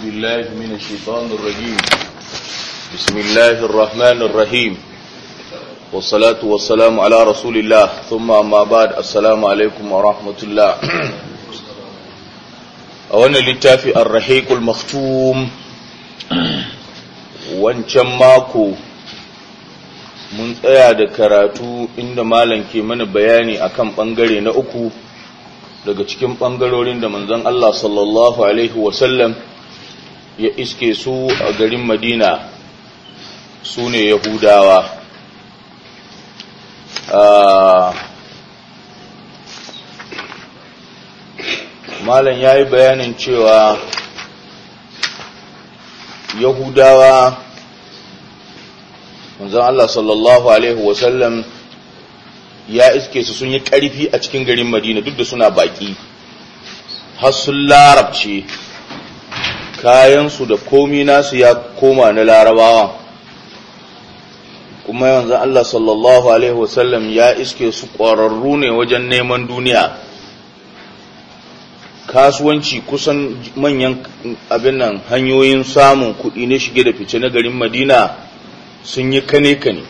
بالله من الشيطان الرجيم بسم الله الرحمن الرحيم والصلاة والسلام على رسول الله ثم أما بعد السلام عليكم ورحمة الله أولا للتافي الرحيق المختوم wancan mako mun tsaya da karatu inda malam ke mana bayani akan ɓangare na uku daga cikin ɓangarorin da manzon Allah sallallahu alaihi wasallam ya iske su a garin madina su ne yahudawa ah, malam ya yi bayanin cewa yahudawa manzan Allah sallallahu Alaihi wasallam ya iske su sun yi ƙarfi a cikin garin madina duk da suna baƙi har sun larabce kayansu da komi nasu ya koma na larabawa kuma yanzu Allah sallallahu alaihi wasallam ya iske su ƙwararru ne wajen neman duniya kasuwanci kusan manyan abin hanyoyin samun kuɗi na shige da fice na garin madina sun yi kane-kane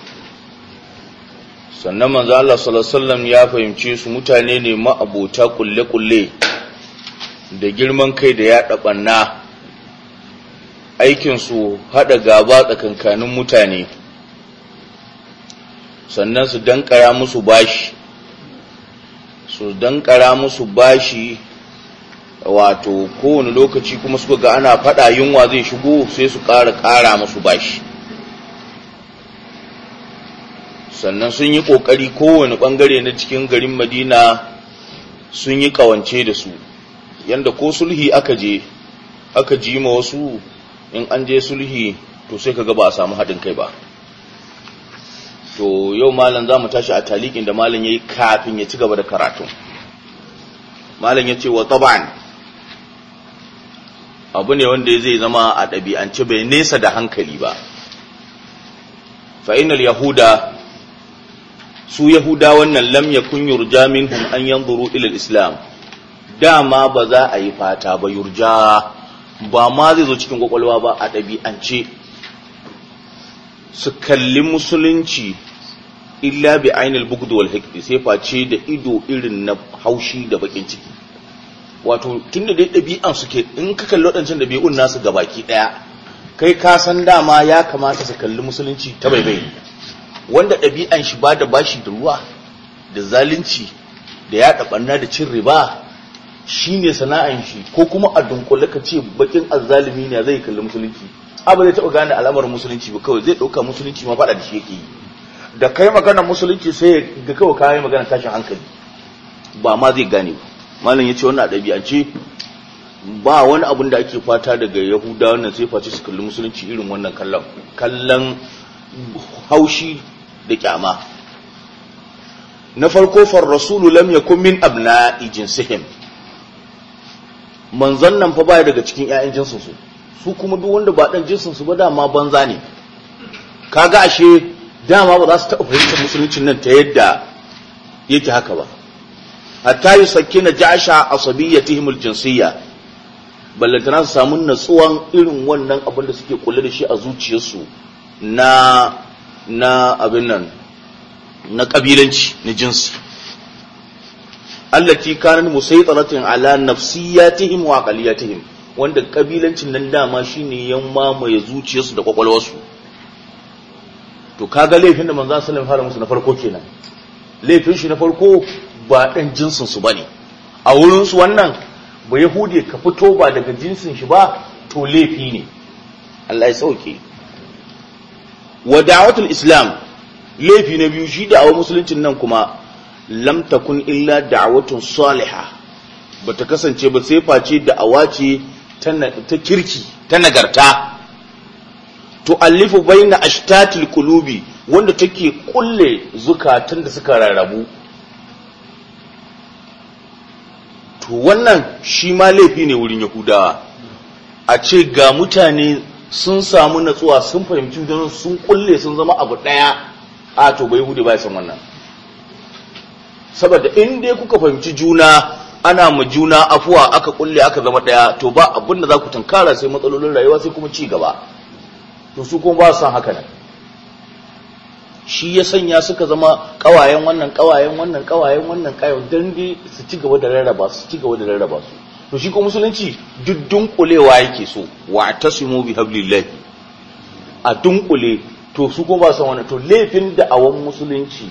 sannan manzo Allah sallallahu alaihi wasallam ya fahimce su mutane ne ma'abota kulle-kulle da girman kai da ya ɗaɓanna aikinsu haɗa gaba tsakankanin mutane sannan su dankara musu bashi su dankara musu bashi wato kowane lokaci kuma suka ga ana faɗa yunwa zai shigo sai su ƙara ƙara musu bashi sannan sun yi ƙoƙari kowane ɓangare na cikin garin madina sun yi ƙawance da su yadda ko sulhi aka je aka ji ma wasu in an je sulhi to sai kaga ba a samu haɗin kai ba to yau malam za mu tashi a talikin da malam ya yi kafin ya ci gaba da karatu malam ya ce wa taban abu ne wanda zai zama a ɗabi'ance bai nesa da hankali ba fa'inal yahuda su yahuda wannan lam yakun yurja minhum an yanzuru ila islam dama ba za a yi fata ba yurja ba ma zai zo cikin kwakwalwa ba a ɗabi'ance su kalli musulunci illa bi ainihin bugd wal sai face da ido irin na haushi da bakin ciki wato tunda dai ɗabi'an suke in ka kalli waɗancan ɗabi'un nasu baki ɗaya kai ka san dama ya kamata su kalli musulunci ta bai-bai? wanda ɗabi'an shi ba da bashi da ruwa da zalunci da yaɗa ɓanna da cin riba shi ne sana'an shi ko kuma a dunkule ka ce bakin azzalimi ne zai kalli musulunci abu zai taɓa gane alamar musulunci ba kawai zai ɗauka musulunci ma faɗa da shi yake yi da kai magana musulunci sai ga kawai kayan magana tashin hankali ba ma zai gane ba malam ya ce wannan ɗabi'ance ba wani abun da ake fata daga yahuda wannan sai face su kalli musulunci irin wannan kallon kallon haushi da kyama na farko far rasulu lam yakun min abna'i jinsihim manzon nan fa baya daga cikin 'ya'yan jinsinsu, su kuma duk wanda ba dan jinsin su ba dama banza ne kaga ashe dama ba za su taɓa fahimtar musuluncin nan ta yadda yake haka ba hatta yusakkina ja'sha asabiyyatihim aljinsiyya ballantana su samu natsuwan irin wannan abin da suke kula da shi a zuciyarsu na na abin nan na kabilanci na jinsi allati kanan musaytaratin ala nafsiyatihim wa aqliyatihim wanda kabilancin nan dama shine yan mamaye zuciyarsu da kwakwalwarsu to kaga laifin da manzo sallallahu fara musu na farko kenan laifin shi na farko ba dan jinsin su bane a wurin wannan ba yahudi ka fito ba daga jinsin shi ba to laifi ne Allah ya sauke wa da'watul islam laifi na biyu shi da'awar musuluncin nan kuma lam takun illa da'watun salihah bata kasance ba sai face da ce ta kirki ta nagarta To alifu baina ashtatil kulubi wanda take kulle zukatan da suka rarrabu to wannan shi ma laifi ne wurin yahudawa a ce ga mutane sun samu natsuwa sun fahimci don sun kulle sun zama abu daya a to bai hudu ba san wannan saboda in dai kuka fahimci juna ana ma juna afuwa aka kulle aka zama daya to ba abin da za ku tankara sai matsalolin rayuwa sai kuma ci gaba to su kuma ba su san haka nan shi ya sanya suka zama kawayen wannan kawayen wannan kawayen wannan kayan don dai su ci gaba da rarraba su ci gaba da rarraba su to shi ko musulunci duk dunkulewa yake so wa tasimu bi hablillahi a dunkule to su kuma ba san wannan to laifin da awan musulunci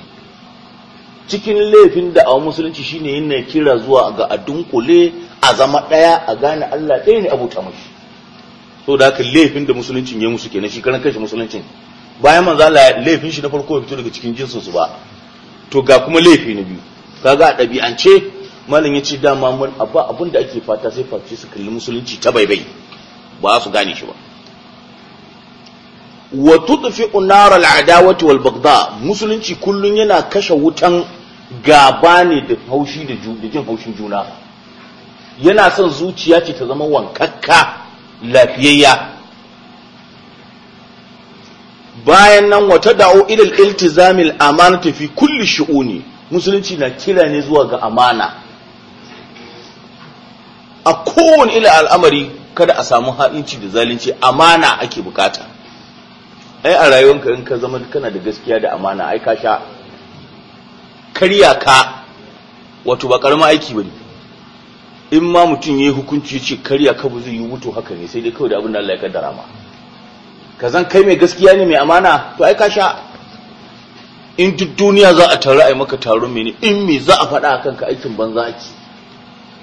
cikin laifin da a musulunci shine yin kira zuwa ga kule a zama daya a gane Allah ɗaya ne abuta mashi so da haka laifin da musuluncin ya musu kenan shi karan kashi musuluncin bayan manzo Allah laifin shi na farko ya fito daga cikin jinsin su ba to ga kuma laifi na biyu kaga a ɗabi'ance malam ya ce dama mun abba abin da ake fata sai face su kalli musulunci ta baibai ba su gane shi ba wa tudfi'u nar adawati wal baghdha musulunci kullun yana kashe wutan gaba ne da haushi da jin haushin juna yana son zuciya ce ta zama wankakka lafiyayya bayan nan wata da'o ilil iltizamil amana fi kulli shi'uni musulunci na kira ne zuwa ga amana a kowane ila al'amari kada a samu ha'inci da zalunci amana ake bukata ai a rayuwanka in ka zama kana da gaskiya da amana ai ka sha karya ka wato ba karama aiki ba ne. in ma mutum ya yi hukunci ce karya ka ba zai yi wuto haka ne sai dai kawai da abin da Allah ya kaddara ma ka zan kai mai gaskiya ne mai amana to ai ka sha in duk duniya za a taru a yi maka taron mene in me za a faɗa akan ka aikin banza ake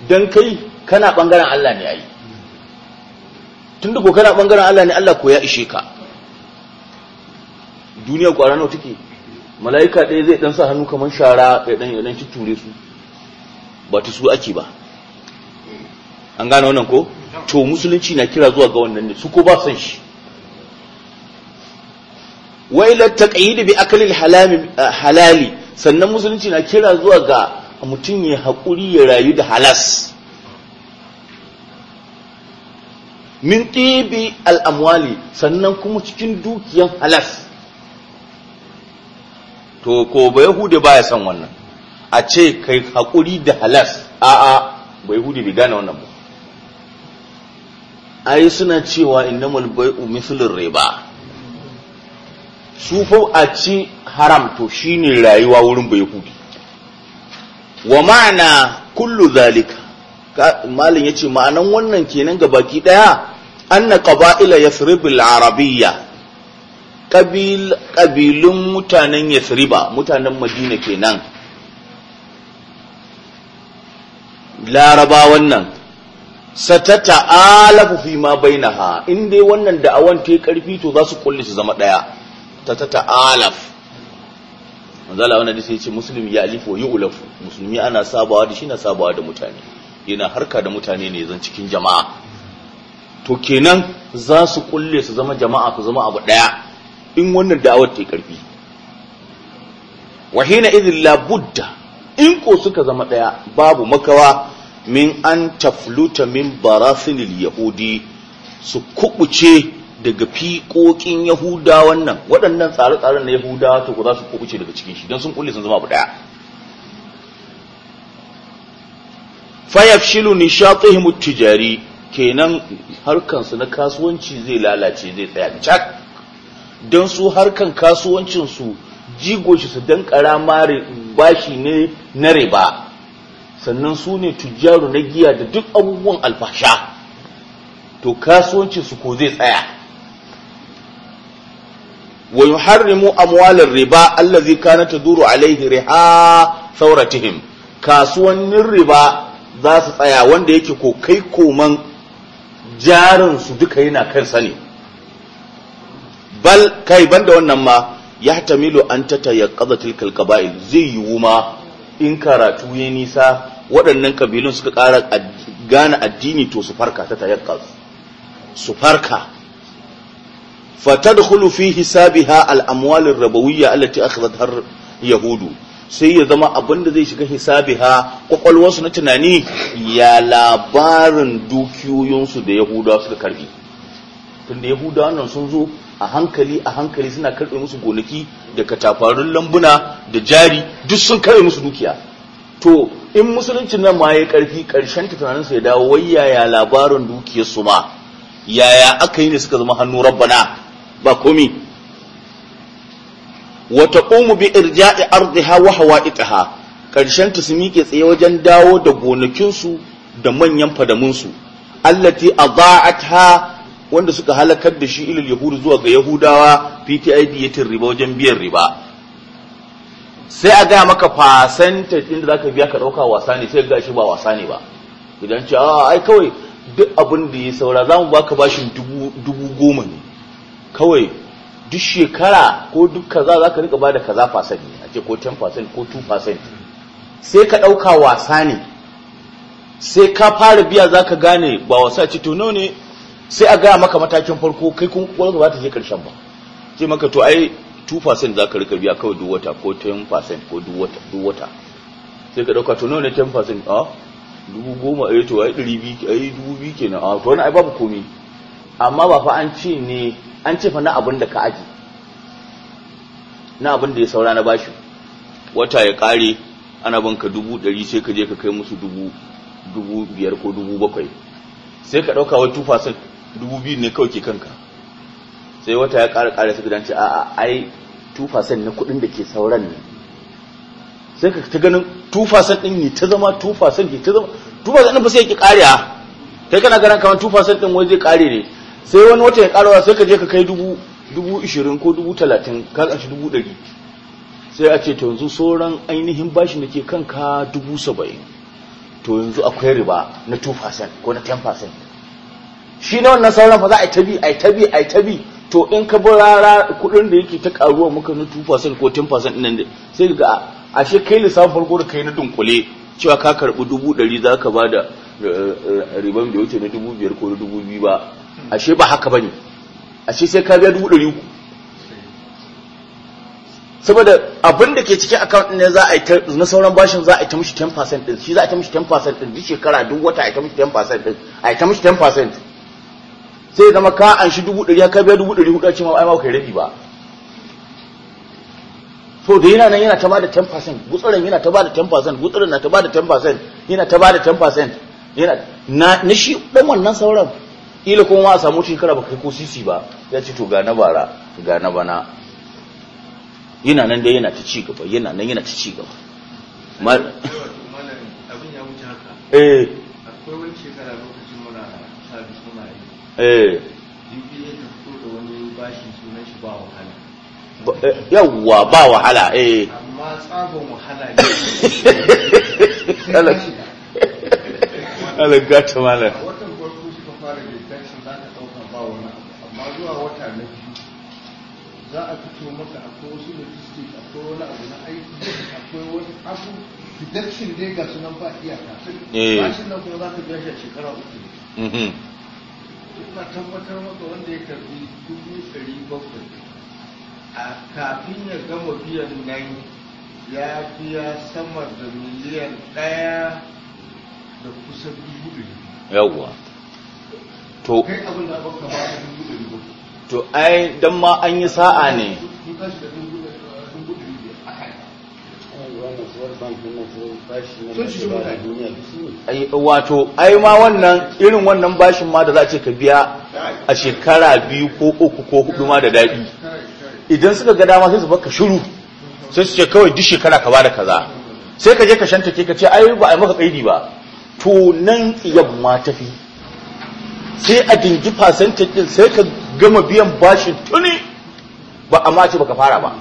dan kai kana bangaren Allah ne ai tunda ko kana bangaren Allah ne Allah ko ya ishe ka duniya kwara nawa take mala'ika ɗaya zai ɗan sa hannu kamar shara ɗaya ɗan ya tutture su ba ta su ake ba an gane wannan ko to musulunci na kira zuwa ga wannan ne su ko ba san shi wa ila taqyid bi akli halali sannan musulunci na kira zuwa ga mutum ya haƙuri ya rayu da halas min tibi al amwali sannan kuma cikin dukiyan halas to ko ba yahudi baya san wannan a ce kai hakuri da halas a ba yahudi bai gane wannan ba ai suna cewa innamal bai'u mithlur riba su fa a ci haram to shine rayuwa wurin bai yahudi wa ma'ana kullu zalika malin ce ma'anan wannan kenan ga baki daya anna qaba'ila yathrib arabiyya ƙabilun mutanen yasriba mutanen madina kenan larabawan nan satata alafu fi ma bainaha in dai wannan awon ta yi ƙarfi to za su kulle su zama ɗaya ta alaf manzala wannan disa ya ce musulmi ya alifu yi ulafu musulmi ana sabawa da shi na sabawa da mutane yana harka da mutane ne zan cikin jama'a to kenan za su kulle su zama jama'a ku zama abu ɗaya in wannan da'awar ta karfi wa hina la budda in ko suka zama ɗaya babu makawa min an tafluta min barasinil yahudi su kubuce daga fiƙoƙin yahuda wannan waɗannan tsare-tsaren na yahuda to ku za su kubuce daga cikin shi don sun kulle sun zama abu daya fayafshilu nishatuhum tijari kenan harkansu na kasuwanci zai lalace zai tsaya cak don su harkan kasuwancinsu jigo shi su dan karama bashi ne na riba sannan su ne tujjaru na giya da duk abubuwan alfasha to kasuwancinsu ko zai tsaya wa yuharrimu amwalar riba Allah allazi kana taduru alaihi riha sauratihim kasuwannin riba za su tsaya wanda yake ko kai koman jarinsu duka yana kansa ne bal kai banda wannan ma ya tamilu an tata ya kaza tilkal kaba'il zai yiwu ma in karatu ya nisa waɗannan kabilun suka ƙara gane addini to su farka ta tayakkaz su farka fatadkhulu fi hisabiha al-amwal ar-rabawiyya allati har yahudu sai ya zama abin da zai shiga hisabiha kwakwalwarsu na tunani ya labarin dukiyoyinsu da yahudawa suka karbi tunda yahudawa nan sun zo a hankali a hankali suna karɓe musu gonaki da katafarun lambuna da jari duk sun karɓe musu dukiya to in musulunci nan ma ya karfi ta tunanin su ya dawo wai yaya labarin dukiyar su ma yaya aka yi ne suka zama hannu rabbana ba komi wa taqumu bi irja'i ardiha wa hawa'iqaha ƙarshen ta su miƙe tsaye wajen dawo da gonakinsu da manyan fadamunsu allati ta. wanda suka halakar da shi ilil yahudu zuwa ga yahudawa ptid ya riba wajen biyan riba sai a gaya maka fasanta inda zaka biya ka dauka wasa ne sai ga shi ba wasa ne ba idan ce a ai kawai duk abin da ya saura za mu baka bashin dubu goma ne kawai duk shekara ko duk kaza za ka rika bada kaza fasan ne a ce ko 10% ko 2% sai ka dauka wasa ne sai ka fara biya za ka gane ba wasa ce to nawa ne sai a gaya maka matakin farko kai kun kwakwalwa ba ta je karshen ba ce maka to ai 2% za ka rika biya kawai duk wata ko 10% ko duk wata sai ka ɗauka to nawa ne 10% a ah, dubu goma a eh yi to ai yi dubu biyu kenan a ah, to wani ai babu komi amma ba fa an ce ne an ce fa na abin da ka aji na abin da ya saura na bashi wata ya ƙare ana banka dubu dari sai ka je ka kai musu dubu dubu biyar ko dubu bakwai sai ka dauka wai 2% dubu biyu ne kawai ke kanka sai wata ya ƙara ƙara suka dance a ai 2% na kuɗin da ke sauran ne sai ka ta ganin 2% ɗin ne ta zama 2% ne ta zama 2% ɗin ba sai ya ƙi a kai kana ganin kamar 2% ɗin wai zai ƙare ne sai wani wata ya ƙarawa sai ka je ka kai dubu dubu ishirin ko dubu talatin ka ƙashi dubu ɗari sai a ce to yanzu sauran ainihin bashin da ke kanka dubu saba'in to yanzu akwai riba na 2% ko na 10% shi na wannan sauran fa za a tabi a tabi a tabi to in ka bi rara kuɗin da yake ta karuwa muka na 2% ko 10% nan da sai ga ashe kai lissafin farko da kai na dunkule cewa ka karɓi dubu ɗari za ka ba da eh, eh, riban da wuce na dubu biyar ko na dubu biyu ba ashe ba haka ba ne ashe sai ka biya dubu ɗari uku saboda abin da ke cikin account ne za a yi na sauran bashin za a yi ta mishi 10% din shi za a yi ta mishi 10% din duk shekara duk wata a yi ta mishi 10% din a yi ta mishi 10% sai zama ka an shi dubu ɗari kai biya dubu ɗari hudu ce ma ai ma kai rabi ba to da yana nan yana ta bada 10% gutsurin yana ta bada 10% gutsurin na ta bada 10% yana ta bada 10% yana na na shi dan wannan sauran ila kuma ma a samu shekara ba kai ko sisi ba ya ce to ga na bara ga na bana yana nan dai yana ta ci gaba yana nan yana ta ci gaba eh Eh. Eh, yawwa ba wahala eh amma tsabon wahala ne watan farko suka fara detection za ka ɗauka ba wani amma zuwa wata na biyu za a fito maka akwai wasu logistics akwai wani abu na aiki akwai wani abu detection dai ga sunan ba iyaka eh. nan kuma za ka shekara uku mhm. ina tabbatar maka wanda ya karbi dubu ɗari bakwai a kafin ya gama biyan nan ya biya sama da miliyan ɗaya da kusa dubu ɗari yawwa to kai abin da abin kama dubu ɗari bakwai to ai don ma an yi sa'a ne wato ai ma wannan irin wannan bashin ma da za ce ka biya a shekara biyu ko uku ko hudu ma da daɗi idan suka ga dama sai su baka shiru sai su ce kawai duk shekara ka bada kaza sai ka je ka shanta ke ka ce ai ba a maka kaidi ba to nan tsiyan ma tafi sai a dingi fasantar din sai ka gama biyan bashin tuni ba amma ce ka fara ba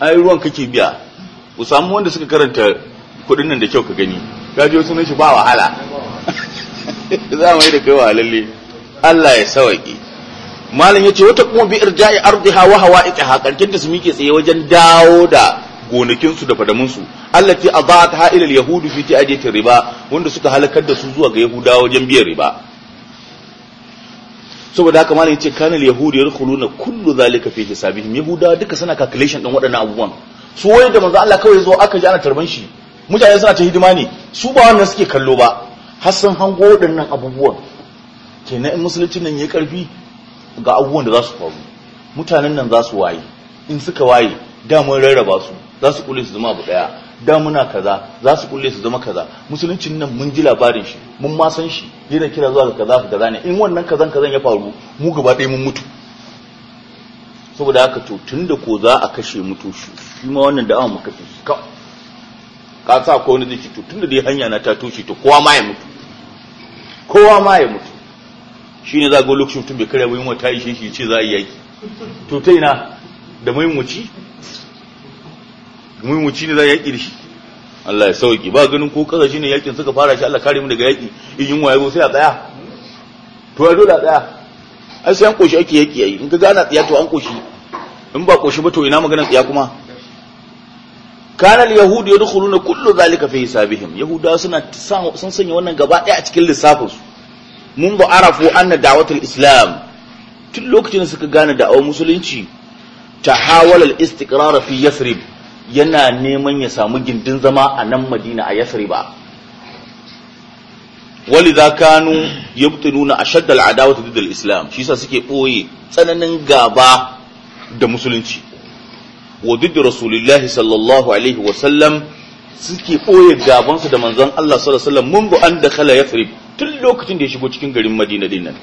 ai ruwan kake biya ku samu wanda suka karanta kudin nan da kyau ka gani kaji wasu na shi ba wahala za mu yi da kai wahalalle Allah ya sawaƙi. malam yace wata kuma bi irja'i ardiha wa hawa'iqiha karkin da su muke tsaye wajen dawo da gonakin su da fadamun su allati ha ila yahudu fi ti'adati riba wanda suka halakar da su zuwa ga yahudawa wajen biyan riba saboda haka malam yace kana yahudu yahud kullu zalika fi hisabihim yahudawa duka suna calculation din waɗannan abubuwan su da manzo Allah kawai zo aka ji ana tarban shi mutane suna ta hidima ne su ba wannan suke kallo ba har sun hango waɗannan abubuwan kenan in musulunci nan ya karfi ga abubuwan da za su faru mutanen nan za su waye in suka waye da mun rarraba su za su kulle su zama abu ɗaya, da muna kaza za su kulle su zama kaza musuluncin nan mun ji labarin shi mun ma san shi yana kira zuwa ga kaza kaza ne in wannan kazan kazan ya faru mu gaba ɗaya mun mutu saboda haka to tunda ko za a kashe mutu shi ma wannan da mu kafi ka ka sa ko wani zai to tunda dai hanya na ta toshe to kowa ma ya mutu kowa ma ya mutu shine za ga lokacin mutum bai karya wayin wata ishe shi ce za a yi yaki to ta ina da muhimmanci muhimmanci ne za a yaki da shi Allah ya sauki ba ganin ko kasa shine yakin suka fara shi Allah kare mu daga yaki in yunwa ya zo sai a tsaya to ya dole a tsaya ai sai an koshi ake yaki yayi in ka gana tsiya to an koshi in ba koshi ba to ina maganar tsiya kuma kana al-yahud yadkhuluna kullu zalika fi hisabihim yahuda suna sun sanya wannan gaba ɗaya a cikin su mun ba arafu anna da'watul islam tun lokacin da suka gane da'awar musulunci tahawala al-istiqrar fi yathrib yana neman ya samu gindin zama a nan Madina a Yasriba walidha kanu yubtinuna ashadda al'adawati didda al-islam shi yasa suke ɓoye tsananin gaba da musulunci wa didda rasulullahi sallallahu alaihi wa sallam suke boye gaban su da manzon Allah sallallahu alaihi wa sallam mungu an dakhala tun lokacin da ya shigo cikin garin Madina dinnan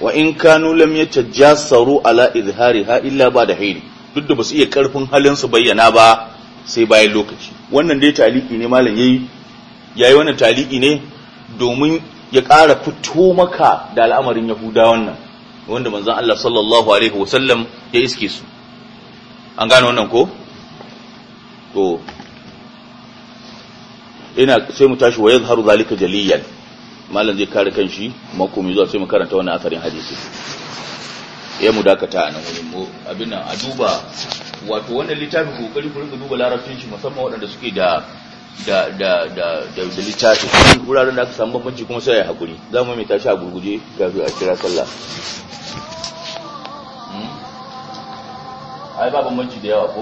wa in kanu lam yatajassaru ala izhariha illa ba da hayni duk da basu iya karfin halin su bayyana ba sai bayan lokaci wannan dai taliki ne malam yayi yayi wannan taliki ne domin ya ƙara fito maka da al'amarin Yahuda wannan wanda manzon Allah sallallahu alaihi wasallam ya iske su an gane wannan ko to ina sai mu tashi wa yadhharu zalika jaliyan malam zai kare kanshi makomi zuwa sai mu karanta wannan asarin hadisi ya mu dakata a nan wurin mu abin nan a duba wato wannan littafin kokari ku rinka duba larabcin shi musamman waɗanda suke da da da da da littafi wuraren da aka samu bambanci kuma sai ya hakuri za mu mai tashi a gurguje kafin a kira sallah hmm? ai ba bambanci da yawa